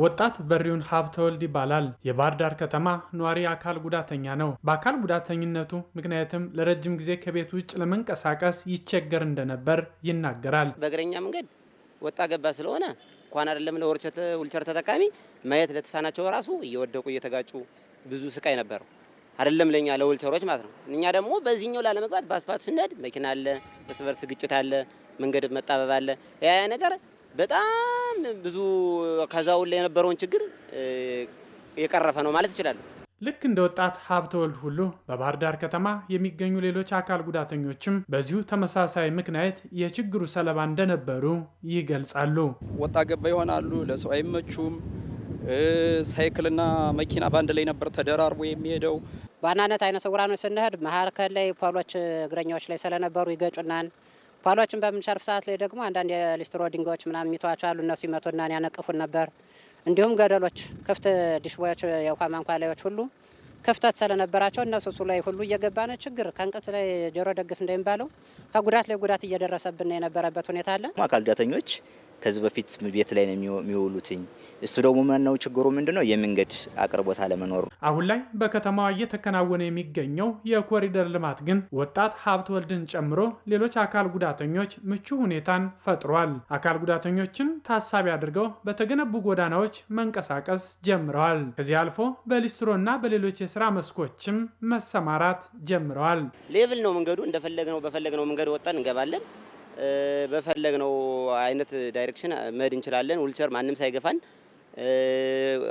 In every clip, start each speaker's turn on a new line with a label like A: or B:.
A: ወጣት በሪውን ሀብተወልድ ይባላል። የባህር ዳር ከተማ ነዋሪ አካል ጉዳተኛ ነው። በአካል ጉዳተኝነቱ ምክንያትም ለረጅም ጊዜ ከቤት ውጭ ለመንቀሳቀስ ይቸገር እንደነበር ይናገራል።
B: በእግረኛ መንገድ ወጣ ገባ ስለሆነ እንኳን አይደለም ለወርቸት ውልቸር ተጠቃሚ ማየት ለተሳናቸው ራሱ እየወደቁ እየተጋጩ ብዙ ስቃይ ነበረው። አይደለም ለኛ ለውልቸሮች ማለት ነው። እኛ ደግሞ በዚህኛው ላለመግባት በአስፓልት ስንሄድ መኪና አለ፣ እርስ በርስ ግጭት አለ፣ መንገድ መጣበብ አለ። ያ ነገር በጣም ብዙ ከዛው ላይ የነበረውን ችግር የቀረፈ ነው ማለት ይችላል።
A: ልክ እንደ ወጣት ሀብተወልድ ሁሉ በባህር ዳር ከተማ የሚገኙ ሌሎች አካል ጉዳተኞችም በዚሁ ተመሳሳይ ምክንያት የችግሩ ሰለባ እንደነበሩ ይገልጻሉ።
C: ወጣ ገባ ይሆናሉ፣ ለሰው አይመቹም። ሳይክልና መኪና በአንድ ላይ ነበር ተደራርቦ የሚሄደው።
D: በዋናነት አይነ ስውራኖች ስንሄድ መካከል ላይ ፖሎች እግረኛዎች ላይ ስለነበሩ ይገጩናል። ፓሎችን በምንሸርፍ ሰዓት ላይ ደግሞ አንዳንድ የሊስትሮ ድንጋዮች ምናምን የሚተዋቸው አሉ። እነሱ ይመቱናን ያነቅፉን ነበር። እንዲሁም ገደሎች፣ ክፍት ዲሽቦዎች፣ የውሃ ማንኳላዮች ሁሉ ክፍተት ስለነበራቸው እነሱ እሱ ላይ ሁሉ እየገባነ ችግር ከእንቅት ላይ ጆሮ ደግፍ እንደሚባለው ከጉዳት ላይ ጉዳት እየደረሰብን የነበረበት ሁኔታ አለ።
E: አካል ጉዳተኞች ከዚህ በፊት ቤት ላይ ነው የሚውሉትኝ። እሱ ደግሞ ዋናው ችግሩ ምንድን ነው? የመንገድ አቅርቦት አለመኖሩ።
A: አሁን ላይ በከተማዋ እየተከናወነ የሚገኘው የኮሪደር ልማት ግን ወጣት ሀብት ወልድን ጨምሮ ሌሎች አካል ጉዳተኞች ምቹ ሁኔታን ፈጥሯል። አካል ጉዳተኞችን ታሳቢ አድርገው በተገነቡ ጎዳናዎች መንቀሳቀስ ጀምረዋል። ከዚህ አልፎ በሊስትሮና በሌሎች የስራ መስኮችም መሰማራት ጀምረዋል።
B: ሌቭል ነው መንገዱ። እንደፈለግነው በፈለግነው መንገድ ወጣን እንገባለን በፈለግነው አይነት ዳይሬክሽን መሄድ እንችላለን። ውልቸር ማንም ሳይገፋን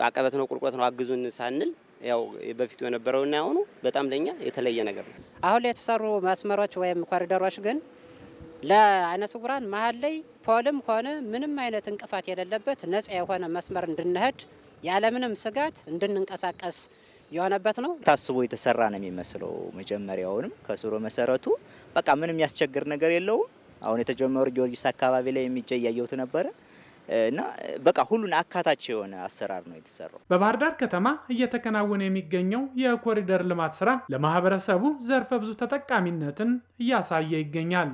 B: አቀበት ነው ቁልቁለት ነው አግዙን ሳንል ያው በፊቱ የነበረውና ያሁኑ በጣም ለኛ የተለየ ነገር ነው።
D: አሁን ላይ የተሰሩ መስመሮች ወይም ኮሪደሮች ግን ለአይነ ስውራን መሀል ላይ ፖልም ሆነ ምንም አይነት እንቅፋት የሌለበት ነጻ የሆነ መስመር እንድንሄድ ያለምንም ስጋት እንድንንቀሳቀስ የሆነበት ነው።
E: ታስቦ የተሰራ ነው የሚመስለው። መጀመሪያውንም ከስሮ መሰረቱ በቃ ምንም ያስቸግር ነገር የለውም። አሁን የተጀመሩ ጊዮርጊስ አካባቢ ላይ የሚጀ እያየሁት ነበረ እና በቃ ሁሉን አካታች የሆነ አሰራር ነው የተሰራው።
A: በባህር ዳር ከተማ እየተከናወነ የሚገኘው የኮሪደር ልማት ስራ ለማህበረሰቡ ዘርፈ ብዙ ተጠቃሚነትን እያሳየ ይገኛል።